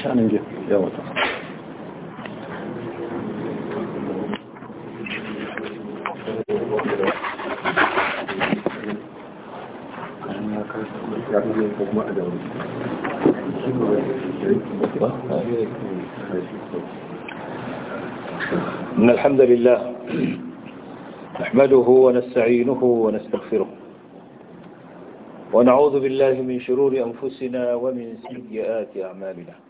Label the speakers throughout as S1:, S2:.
S1: عشان نجي يلا إن الحمد لله نحمده ونستعينه ونستغفره ونعوذ بالله من شرور أنفسنا ومن سيئات أعمالنا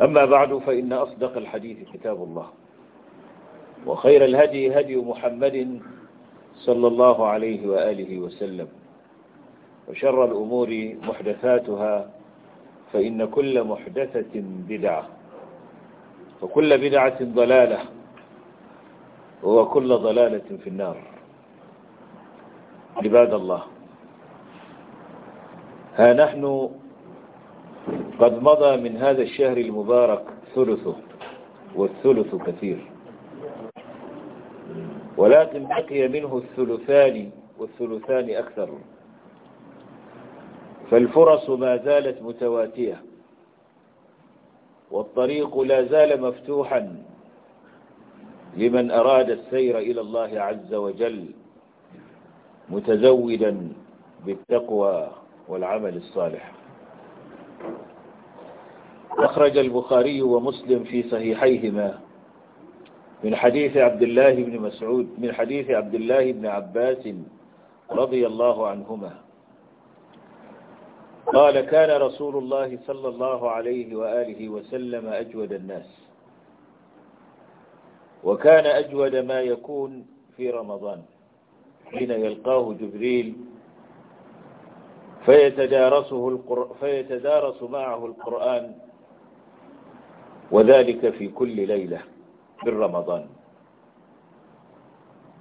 S1: أما بعد فإن أصدق الحديث كتاب الله وخير الهدي هدي محمد صلى الله عليه وآله وسلم وشر الأمور محدثاتها فإن كل محدثة بدعة وكل بدعة ضلالة وكل ضلالة في النار عباد الله ها نحن قد مضى من هذا الشهر المبارك ثلثه والثلث كثير ولكن بقي منه الثلثان والثلثان أكثر فالفرص ما زالت متواتية والطريق لا زال مفتوحا لمن أراد السير إلى الله عز وجل متزودا بالتقوى والعمل الصالح أخرج البخاري ومسلم في صحيحيهما من حديث عبد الله بن مسعود من حديث عبد الله بن عباس رضي الله عنهما قال كان رسول الله صلى الله عليه وآله وسلم أجود الناس وكان أجود ما يكون في رمضان حين يلقاه جبريل فيتدارسه القر... فيتدارس معه القرآن وذلك في كل ليلة من رمضان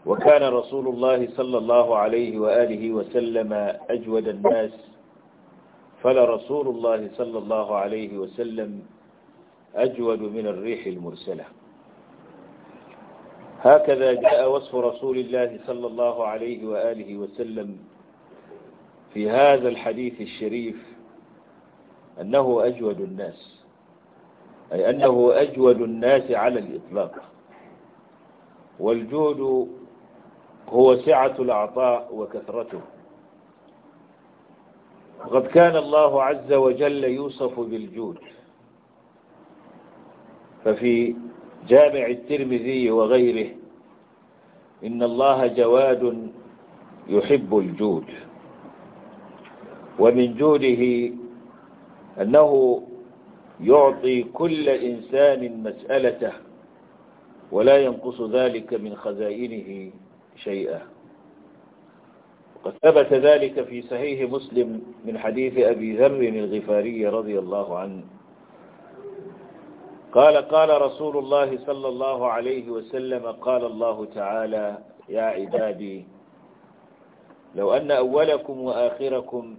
S1: وكان رسول الله صلى الله عليه وآله وسلم أجود الناس فلرسول الله صلى الله عليه وسلم أجود من الريح المرسلة هكذا جاء وصف رسول الله صلى الله عليه وآله وسلم في هذا الحديث الشريف أنه أجود الناس أي أنه أجود الناس على الإطلاق والجود هو سعة العطاء وكثرته وقد كان الله عز وجل يوصف بالجود ففي جامع الترمذي وغيره إن الله جواد يحب الجود ومن جوده أنه يعطي كل إنسان مسألته ولا ينقص ذلك من خزائنه شيئا وقد ثبت ذلك في صحيح مسلم من حديث أبي ذر الغفاري رضي الله عنه قال قال رسول الله صلى الله عليه وسلم قال الله تعالى يا عبادي لو أن أولكم وآخركم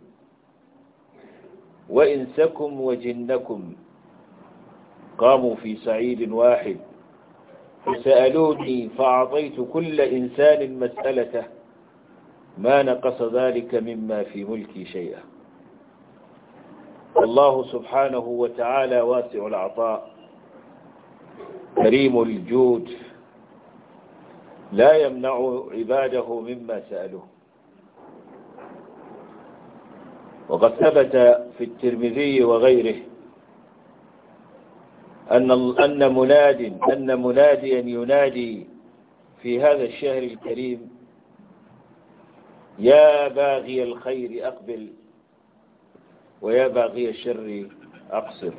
S1: وإنسكم وجنكم قاموا في سعيد واحد فسألوني فأعطيت كل إنسان مسألته ما نقص ذلك مما في ملكي شيئا الله سبحانه وتعالى واسع العطاء كريم الجود لا يمنع عباده مما سألوه وقد ثبت في الترمذي وغيره أن أن مناد أن مناديا ينادي في هذا الشهر الكريم يا باغي الخير أقبل ويا باغي الشر أقصر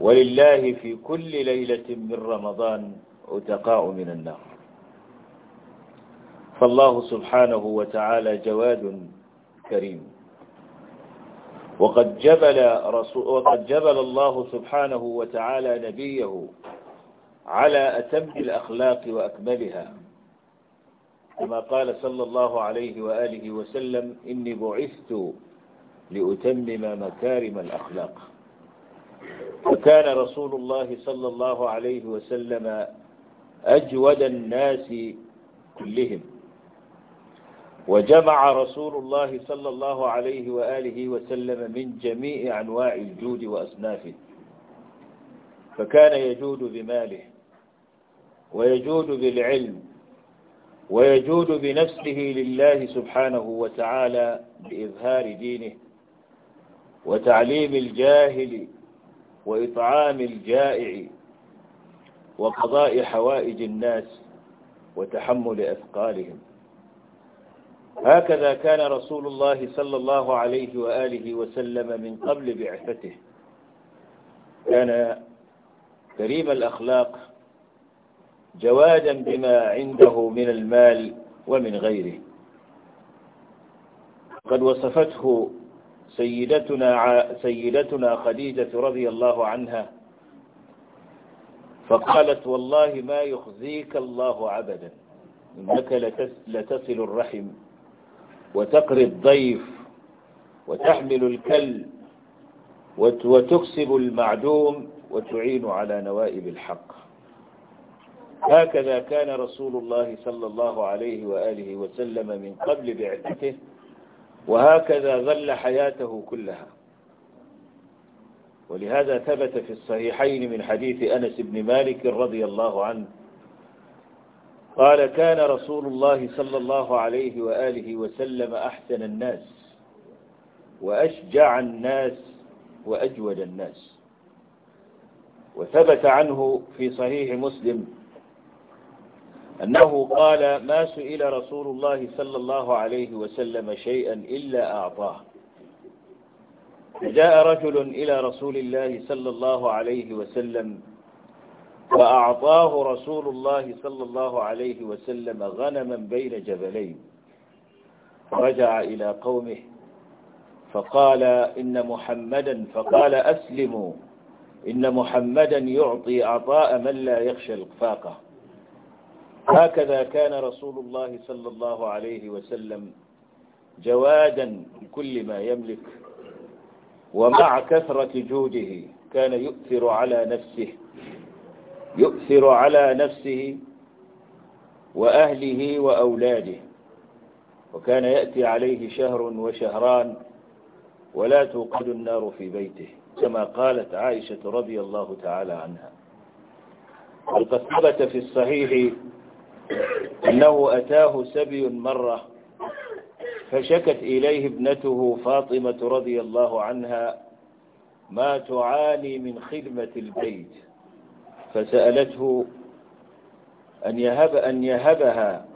S1: ولله في كل ليلة من رمضان أتقاء من النار فالله سبحانه وتعالى جواد كريم وقد جبل, رسول وقد جبل الله سبحانه وتعالى نبيه على أتم الأخلاق وأكملها كما قال صلى الله عليه وآله وسلم إني بعثت لأتمم مكارم الأخلاق وكان رسول الله صلى الله عليه وسلم أجود الناس كلهم وجمع رسول الله صلى الله عليه وآله وسلم من جميع أنواع الجود وأصنافه فكان يجود بماله ويجود بالعلم ويجود بنفسه لله سبحانه وتعالى بإظهار دينه وتعليم الجاهل وإطعام الجائع وقضاء حوائج الناس وتحمل أثقالهم هكذا كان رسول الله صلى الله عليه وآله وسلم من قبل بعثته كان كريم الأخلاق جوادا بما عنده من المال ومن غيره قد وصفته سيدتنا, سيدتنا خديجة رضي الله عنها فقالت والله ما يخزيك الله عبدا إنك لتصل الرحم وتقري الضيف وتحمل الكل وتكسب المعدوم وتعين على نوائب الحق هكذا كان رسول الله صلى الله عليه وآله وسلم من قبل بعثته وهكذا ظل حياته كلها ولهذا ثبت في الصحيحين من حديث أنس بن مالك رضي الله عنه قال كان رسول الله صلى الله عليه وآله وسلم أحسن الناس وأشجع الناس وأجود الناس وثبت عنه في صحيح مسلم أنه قال ما سئل رسول الله صلى الله عليه وسلم شيئا إلا أعطاه جاء رجل إلى رسول الله صلى الله عليه وسلم فأعطاه رسول الله صلى الله عليه وسلم غنما بين جبلين رجع إلى قومه فقال إن محمدا فقال أسلموا إن محمدا يعطي عطاء من لا يخشى القفاقة هكذا كان رسول الله صلى الله عليه وسلم جوادا بكل ما يملك ومع كثرة جوده كان يؤثر على نفسه يؤثر على نفسه وأهله وأولاده وكان يأتي عليه شهر وشهران ولا توقد النار في بيته كما قالت عائشة رضي الله تعالى عنها وقد ثبت في الصحيح أنه أتاه سبي مرة فشكت إليه ابنته فاطمة رضي الله عنها ما تعاني من خدمة البيت فسألته أن, يهب أن يهبها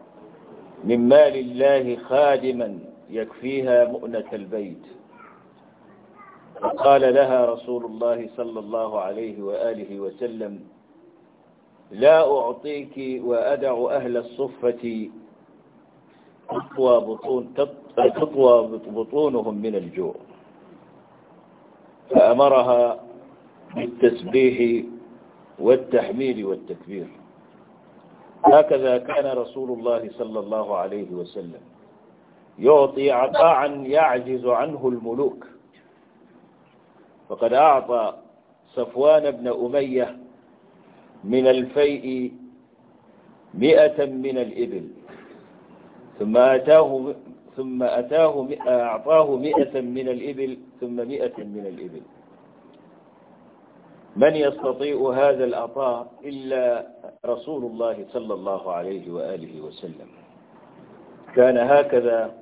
S1: من مال الله خادما يكفيها مؤنة البيت فقال لها رسول الله صلى الله عليه وآله وسلم لا أعطيك وأدع أهل الصفة تطوى, بطون تطوى بطونهم من الجوع فأمرها بالتسبيح والتحميل والتكبير هكذا كان رسول الله صلى الله عليه وسلم يعطي عطاء يعجز عنه الملوك فقد أعطى صفوان بن أمية من الفيء مئة من الإبل ثم أتاه ثم أتاه أعطاه مئة من الإبل ثم مئة من الإبل من يستطيع هذا العطاء إلا رسول الله صلى الله عليه وآله وسلم
S2: كان هكذا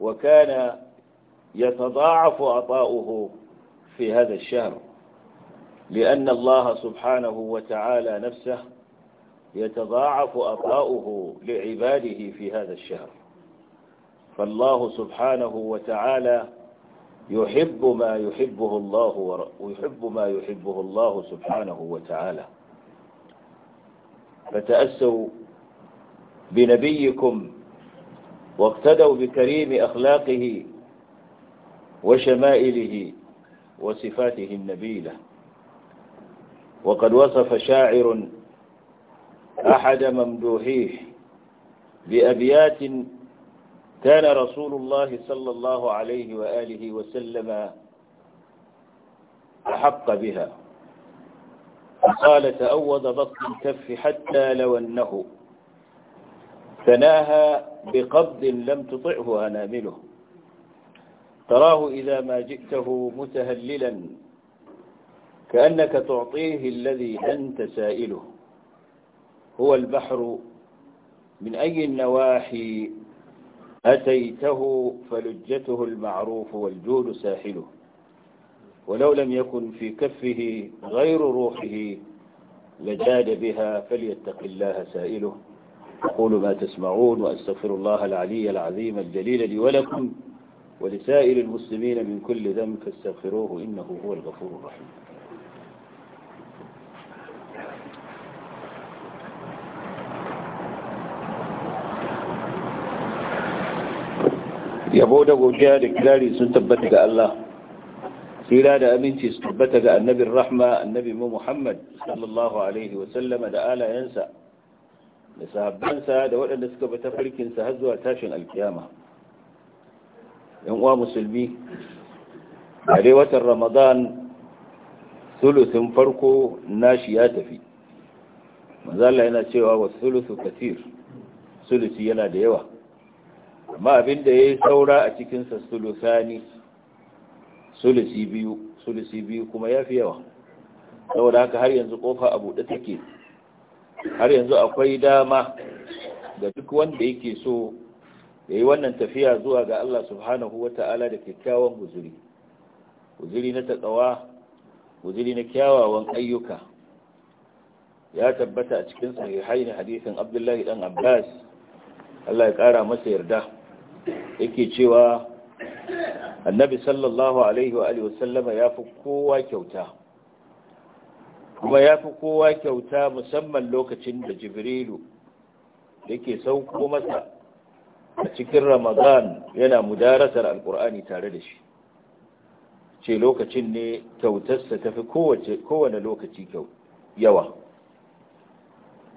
S1: وكان يتضاعف عطاؤه في هذا الشهر لأن الله سبحانه وتعالى نفسه يتضاعف عطاؤه لعباده في هذا الشهر فالله سبحانه وتعالى يحب ما يحبه الله ويحب ما يحبه الله سبحانه وتعالى فتأسوا بنبيكم واقتدوا بكريم أخلاقه وشمائله وصفاته النبيلة وقد وصف شاعر أحد ممدوحيه بأبيات كان رسول الله صلى الله عليه وآله وسلم أحق بها قال تأوض بطن الكف حتى لو أنه ثناها بقبض لم تطعه أنامله تراه إذا ما جئته متهللا كأنك تعطيه الذي أنت سائله هو البحر من أي النواحي أتيته فلجته المعروف والجود ساحله ولو لم يكن في كفه غير روحه لجاد بها فليتق الله سائله أقول ما تسمعون وأستغفر الله العلي العظيم الجليل لي ولكم ولسائر المسلمين من كل ذنب فاستغفروه إنه هو الغفور الرحيم yabo da godiya da kirari sun tabbata ga Allah tsira da aminci su tabbata ga annabin rahma annabi mu Muhammad sallallahu alaihi wasallam da alayensa da sahabbansa da waɗanda suka bata farkinsa har zuwa tashin alkiyama yan uwa musulmi a dai watan ramadan sulusin farko nashi ya tafi manzala yana cewa wa sulusu katir sulusi yana da yawa amma abin da ya yi saura a cikinsa sulusani sulusi biyu sulusi biyu kuma ya fi yawa saboda haka har yanzu kofa a buɗe take har yanzu akwai dama ga duk wanda yake so ya yi wannan tafiya zuwa ga Allah subhanahu wa ta'ala da kyakkyawan guzuri guzuri na guzuri na kyawawan ayyuka ya tabbata a cikin sahihaini hadisin abdullahi dan abbas Allah ya ƙara masa yarda yake cewa annabi sallallahu alaihi wa sallama ya fi kowa kyauta kuma ya fi kowa kyauta musamman lokacin da jibrilu yake sauko masa a cikin ramadan yana mudarasar alkur'ani tare da shi ce lokacin ne kyautarsa tafi kowane lokaci yawa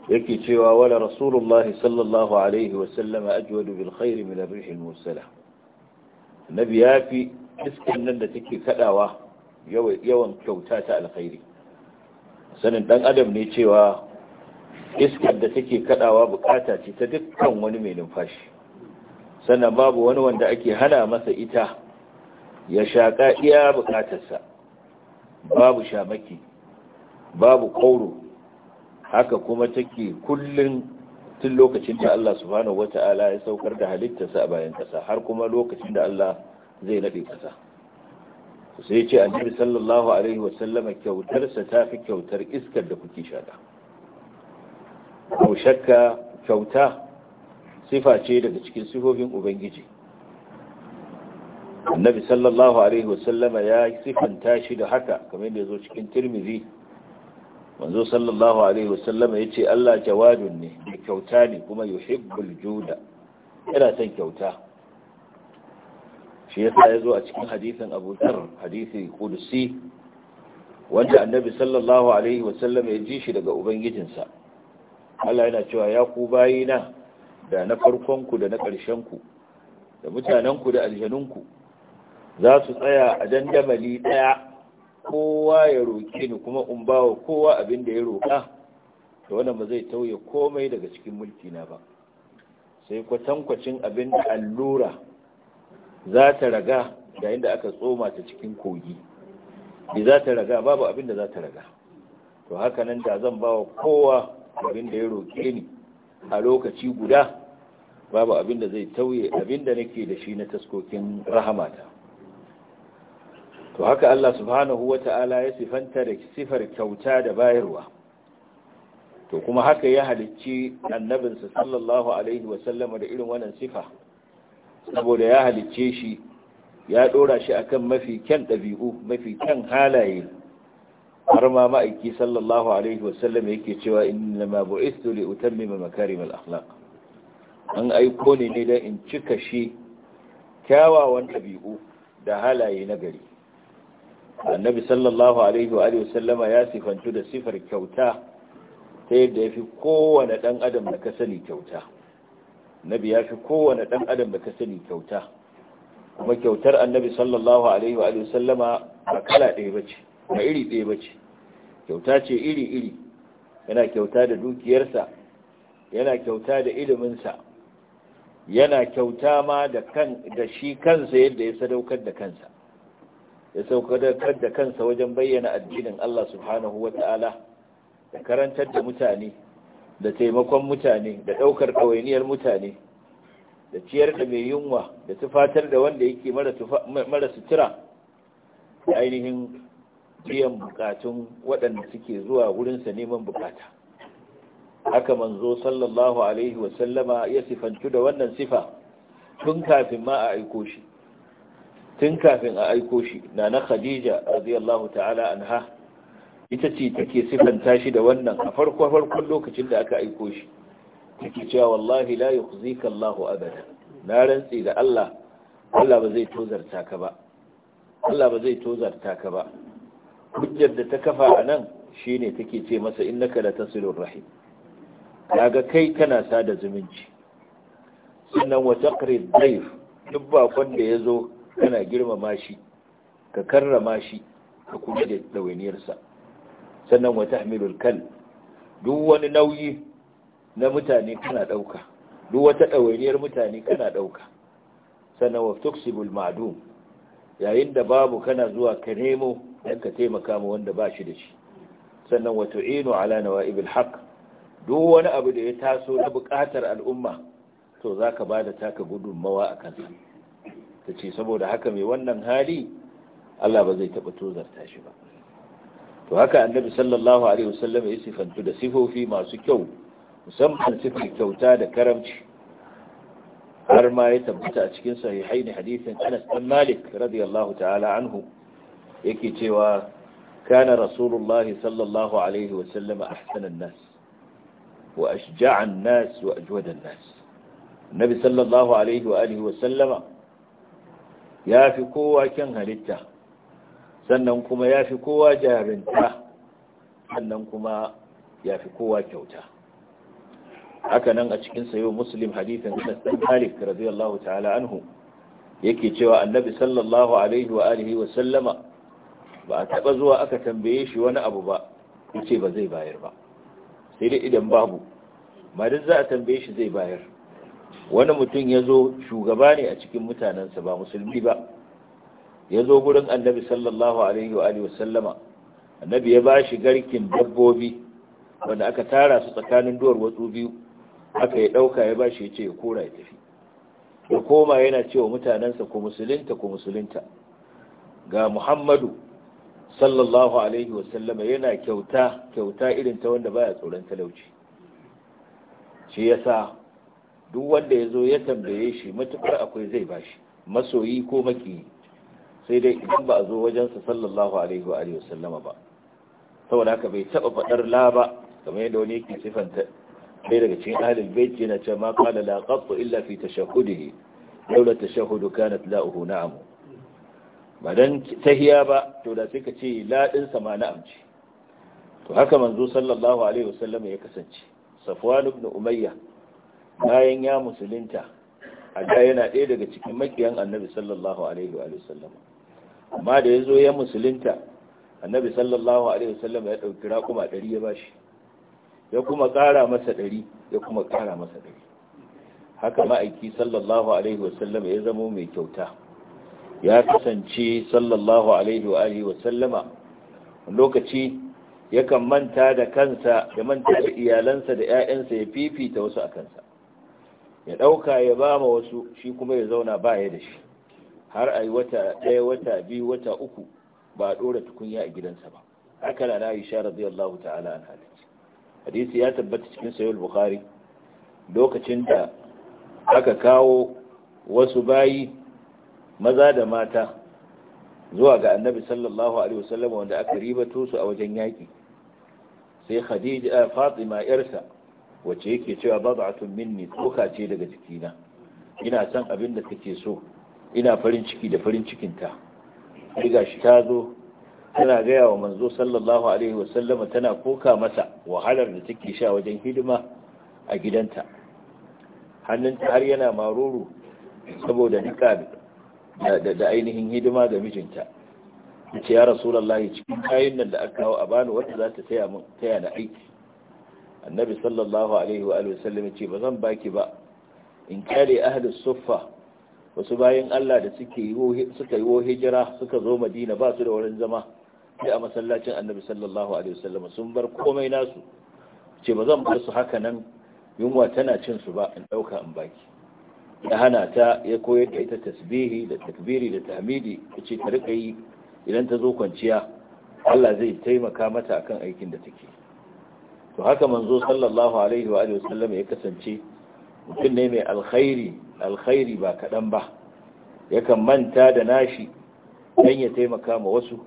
S1: yake cewa wala rasulullah sallallahu alaihi wasallam ajwadu bil khairi min ar-rih al-mursala nabi yafi iskan nan da take kadawa yawan kyauta ta alkhairi sanin dan adam ne cewa iskar da take kadawa bukata ce ta dukkan wani mai numfashi sannan babu wani wanda ake hana masa ita ya shaƙa iya bukatarsa babu shamaki babu kauro haka kuma take kullun tun lokacin da Allah subhanahu wata'ala ya saukar da halittarsa a bayan kasa har kuma lokacin da Allah zai nade kasa sai ce annabi sallallahu alaihi wa sallama, kyautarsa ta fi kyautar iskar da kuke shaka ko shakka kyauta sifa ce daga cikin sifofin ubangiji annabi sallallahu alaihi wa sallama, ya sifanta shi da haka kamar yadda ya zo cikin tirmidhi manzo sallallahu alaihi wasallama ya ce Allah jawadun ne mai kyauta ne kuma hibbul juda yana son kyauta shi yasa ya zo a cikin hadisin Abu hadisi kudusi wanda annabi sallallahu alaihi wasallama ya ji shi daga ubangijinsa Allah yana cewa ya ku bayina da na farkonku da na ƙarshen da mutanenku da aljanun ku za su tsaya a dandamali ɗaya kowa ya roƙe ni kuma in bawa kowa abin da ya roƙa, to wanda ba zai tauye komai daga cikin mulki na ba sai kwatankwacin abin da allura za ta raga yayin da aka tsoma ta cikin kogi bi za ta raga babu abin da za ta raga to haka nan da zan bawa kowa abin da ya roƙe ni a lokaci guda babu abin da zai tauye abin da nake da shi na taskokin rahamata to haka Allah subhanahu wata'ala ya sifanta da sifar kyauta da bayarwa to kuma haka ya halicci annabinsa sallallahu alaihi wasallama da irin wannan sifa saboda ya halicce shi ya ɗora shi akan mafi kyan ɗabi'u mafi kyan halaye har ma ma'aiki sallallahu alaihi wasallam yake cewa inna ma bu'istu li utammima makarim akhlaq an aiko ne ne dan in cika shi kyawawan ɗabi'u da halaye na gari annabi sallallahu alaihi wa alihi wasallama ya sifantu da sifar kyauta ta yadda ya fi kowane ɗan adam da ka sani kyauta nabi ya fi kowane ɗan adam da ka sani kyauta kuma kyautar annabi sallallahu alaihi wa alihi wasallama ba kala ɗaya bace ba iri ɗaya bace kyauta ce iri iri yana kyauta da dukiyarsa yana kyauta da iliminsa yana kyauta ma da kan da shi kansa yadda ya sadaukar da kansa ya saukar da kansa wajen bayyana addinin Allah subhanahu ta’ala da karantar da mutane da taimakon mutane da ɗaukar ɗawainiyar mutane da ciyar da mai yunwa da tufatar da wanda yake mara sutura da ainihin biyan bukatun waɗanda suke zuwa wurinsa neman bukata haka manzo sallallahu alaihi wasallama ya sifantu da wannan sifa tun kafin ma a aiko shi tun kafin a aiko shi na na khadija radiyallahu ta'ala anha ita ce take sifanta shi da wannan a farko farkon lokacin da aka aiko shi take cewa wallahi la yukhzika Allahu abada na rantsi da Allah Allah ba zai tozarta ka ba Allah ba zai tozarta ka ba hujjar da ta kafa a nan shine take ce masa innaka tasilur rahim kaga kai kana sada zumunci sannan wa taqrid dayf duk bakon da yazo kana girmama shi ka karrama shi ka kuma da ɗawainiyarsa sannan wata hamilul kal duk wani nauyi na mutane kana ɗauka duk wata ɗawainiyar mutane kana ɗauka sannan wa tuksibul ma'dum yayin da babu kana zuwa ka nemo dan ka taimaka ma wanda ba shi da shi sannan wa tu'inu ala nawaibil haqq duk wani abu da ya taso na buƙatar al'umma to zaka bada taka gudunmawa akan sa ta ce saboda haka mai wannan hali Allah ba zai taɓa tozarta shi ba to haka annabi sallallahu alaihi wasallam ya sifantu da sifofi masu kyau musamman sifar kyauta da karamci har ma ya tabbata a cikin sahihai hadithin hadisin Anas bin Malik radiyallahu ta'ala anhu yake cewa kana rasulullah sallallahu alaihi wasallam ahsanan nas wa ashja'an nas wa ajwadan nas nabi sallallahu alaihi wa alihi wasallama ya fi kowa kyan halitta sannan kuma ya fi kowa jarinta sannan kuma ya fi kowa kyauta haka nan a cikin sayo muslim hadithin sassan malik radiyallahu ta'ala anhu yake cewa annabi sallallahu alaihi wa alihi wa sallama ba a taɓa zuwa aka tambaye shi wani abu ba ya ce ba zai bayar ba sai dai idan babu ma duk za a tambaye shi zai bayar wani mutum ya zo shugaba ne a cikin mutanensa ba musulmi ba ya zo gurin annabi sallallahu alaihi wa alihi wasallama annabi ya ba shi garkin dabbobi wanda aka tara su tsakanin duwar watsu biyu
S2: aka ya ɗauka ya
S1: ba shi ya ce ya kora ya tafi ya koma yana cewa mutanensa ku musulunta ku musulunta ga muhammadu sallallahu alaihi wasallama yana kyauta kyauta irin ta wanda baya tsoron talauci shi yasa duk wanda ya zo ya tambaye shi matukar akwai zai bashi masoyi ko makiyi sai dai idan ba a zo wajensa sallallahu alaihi wa sallama ba. ba saboda haka bai taba fadar la ba kamar yadda wani yake sifanta sai daga cikin ahlul bait yana cewa ma qala la qatu illa fi tashahhudihi laula tashahhudu kanat la'uhu na'am ba dan tahiya ba to da sai ka ce la din sa ma na'am ce to haka manzo sallallahu alaihi sallama ya kasance safwan ibn umayyah bayan ya musulunta a da yana ɗaya daga cikin makiyan annabi sallallahu alaihi wa sallam amma da ya zo ya musulunta annabi sallallahu alaihi wa sallam ya ɗauki raƙuma ɗari ya bashi ya kuma ƙara masa ɗari ya kuma ƙara masa ɗari haka ma'aiki sallallahu alaihi wa sallam ya zamo mai kyauta ya kasance sallallahu alaihi wa alihi wa sallama lokaci yakan manta da kansa ya manta da iyalansa da 'ya'yansa ya fifita wasu a kansa ya ɗauka ya ba ma wasu shi kuma ya zauna ba ya da shi har ayi yi wata ɗaya wata biyu wata uku ba a ɗora tukunya a gidansa ba haka na na isha radiyallahu ta'ala an halitta hadisi ya tabbata cikin sayul bukhari lokacin da aka kawo wasu bayi maza da mata zuwa ga annabi sallallahu alaihi wasallam wanda aka ribato su a wajen yaki, sai khadija fatima yarsa wacce yake cewa babu bab'atun minni tsoka ce daga jikina ina son abin da kake so ina farin ciki da farin cikinta riga shi ta zo tana gaya wa manzo sallallahu alaihi wasallama tana koka masa wahalar da take sha wajen hidima a gidanta hannunta har yana maruru saboda nika da ainihin hidima ga mijinta ce ya rasu rasulallah cikin kayan nan da aka kawo a bani wata za ta taya na aiki annabi sallallahu alaihi wa sallam ce ba zan baki ba in kare ahlus suffa wasu bayan Allah da suke yi suka yi hijira suka zo Madina ba su da wurin zama sai a masallacin annabi sallallahu alaihi sallam sun bar komai nasu ce ba zan bar su haka nan yunwa tana cin su ba in dauka in baki ya hana ta ya koyar da ita tasbihi da takbiri da tahmidi ce ta rika yi idan ta zo kwanciya Allah zai taimaka mata akan aikin da take to haka manzo sallallahu alaihi wa sallam ya kasance mutum ne mai alkhairi alkhairi ba kaɗan ba yakan manta da nashi don ya taimaka ma wasu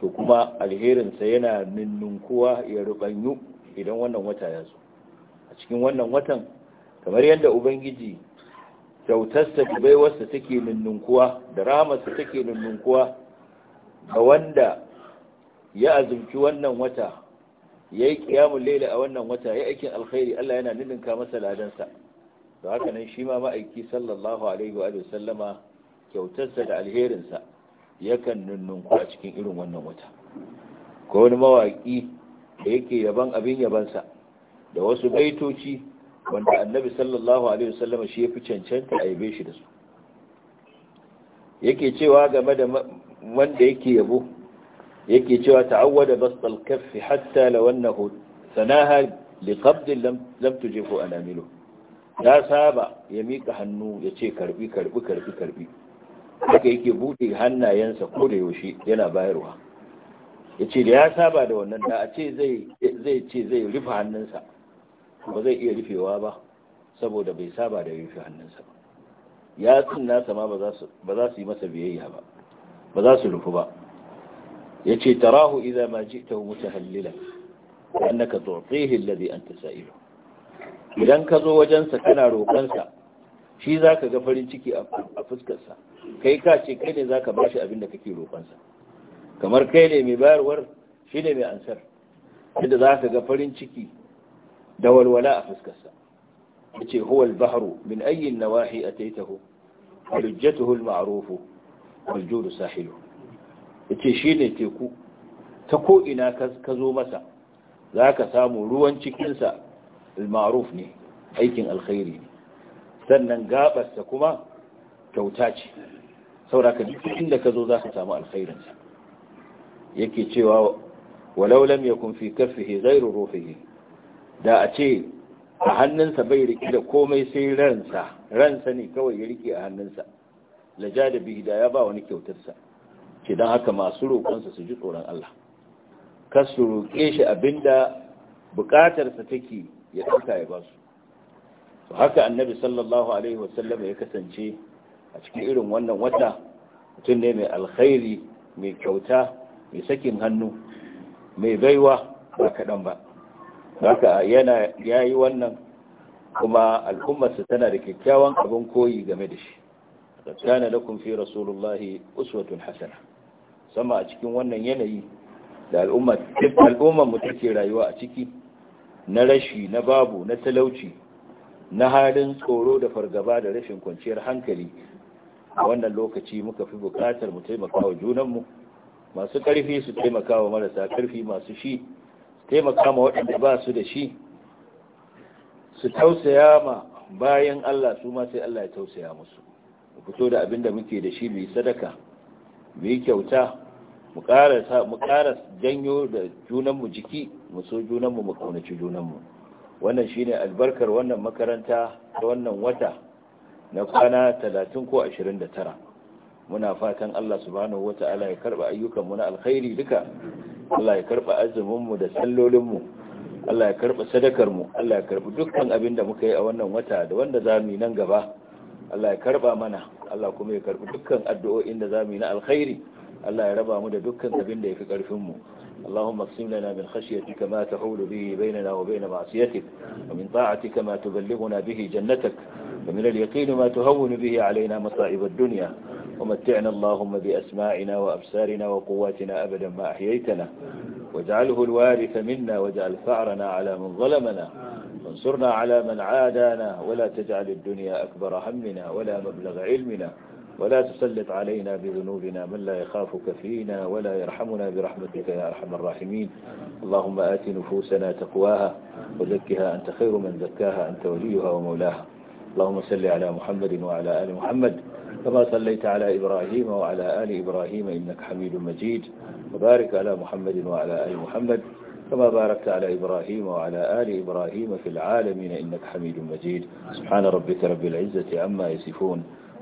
S1: to kuma alherinsa yana ninninkuwa ya rubanyu idan wannan wata ya zo a cikin wannan watan kamar yadda ubangiji kyautarsa da baiwarsa take ninnunkuwa da ramarsa take ninnunkuwa ga wanda ya azumci wannan wata yayi qiyamul layli a wannan wata yayi aikin alkhairi Allah yana ninninka masa ladansa to haka nan shi ma ma'aiki sallallahu alaihi wa sallama kyautarsa da alherinsa yakan ku a cikin irin wannan wata ko wani mawaƙi da yake yaban abin yabansa da wasu baitoci wanda annabi sallallahu alaihi wa sallama shi ya fi cancanta a shi da su yake cewa game da wanda yake yabo yake cewa ta'awwada bastal kaffi hatta law annahu sanaha liqabd lam lam tujifu anamilu ya saba ya mika hannu ya ce karbi karbi karbi karbi haka yake bude hannayensa ko da yaushe yana bayarwa ya ce da ya saba da wannan da a ce zai ce zai rufe hannunsa ba zai iya rufewa ba saboda bai saba da rufe hannunsa ba ya tsin nasa ma ba za su yi masa biyayya ba ba za su rufu ba yace tarahu idza ma ji'tahu mutahallila wa annaka tu'tihi alladhi anta sa'ilu idan ka zo wajensa kana roƙon shi zaka ga farin ciki a fuskarsa. kai ka ce kai ne zaka bashi abin da kake roƙon kamar kai ne mai bayarwar shi ne mai ansar za zaka ga farin ciki da walwala a fuskarsa. Ya yace huwal al min ayyin nawahi a hujjatuhu al-ma'ruf wal-judu Sahilu. Yace ce shi ne teku ta ko'ina ka zo masa za ka samu ruwan cikinsa maruf ne aikin alkhairi ne sannan gabarsa kuma kyauta ce sauraka duk inda ka zo za ka samu alkhairinsa yake cewa walaulam ya yakun fi kaffihi ghairu da a ce a hannunsa bai riki da komai sai ransa ransa ne kawai ya rike a hannunsa lajada bihi da ya ba wani kyautarsa ce don haka masu roƙonsa su ji tsoron Allah kar su roƙe shi abinda buƙatarsa take ya ɗauka ya ba su haka annabi sallallahu alaihi wasallam ya kasance a cikin irin wannan wata mutum ne mai alkhairi mai kyauta mai sakin hannu mai baiwa ba kaɗan ba haka yana ya yi wannan kuma al'ummarsa tana da kyakkyawan abin koyi game da shi tsakana lakum fi rasulullahi uswatun hasana Sama a cikin wannan yanayi da al'ummar mu take rayuwa a ciki na rashi na babu na talauci na halin tsoro da fargaba da rashin kwanciyar hankali a wannan lokaci muka fi bukatar mu taimaka wa junanmu masu ƙarfi su taimaka wa marasa ƙarfi masu shi taimaka ma waɗanda ba su da shi su tausaya ma bayan Allah su ma sai Allah ya tausaya musu fito da abin da muke da shi mu sadaka mu kyauta mu ƙara janyo da junanmu jiki mu so junanmu mu kaunaci junanmu wannan shine albarkar wannan makaranta da wannan wata na kwana talatin ko ashirin da tara muna fatan Allah subhanahu wata'ala ya karba ayyukanmu na alkhairi duka Allah ya karba azuminmu da sallolinmu Allah ya karba sadakarmu Allah ya karba dukkan abin da muka yi a wannan wata da wanda za mu yi nan gaba Allah ya karba mana Allah kuma ya karɓi dukkan addu'o'in da za mu yi na alkhairi Allah ya raba mu da dukkan abin da ya اللهم اقسم لنا من خشيتك ما تحول به بيننا وبين معصيتك ومن طاعتك ما تبلغنا به جنتك ومن اليقين ما تهون به علينا مصائب الدنيا ومتعنا اللهم بأسماعنا وأبصارنا وقواتنا أبدا ما أحييتنا واجعله الوارث منا واجعل ثأرنا على من ظلمنا وانصرنا على من عادانا ولا تجعل الدنيا أكبر همنا ولا مبلغ علمنا ولا تسلط علينا بذنوبنا من لا يخافك فينا ولا يرحمنا برحمتك يا أرحم الراحمين اللهم آت نفوسنا تقواها وزكها أنت خير من زكاها أنت وليها ومولاها اللهم صل على محمد وعلى آل محمد كما صليت على إبراهيم وعلى آل إبراهيم إنك حميد مجيد وبارك على محمد وعلى آل محمد كما باركت على إبراهيم وعلى آل إبراهيم في العالمين إنك حميد مجيد سبحان ربك رب العزة عما يصفون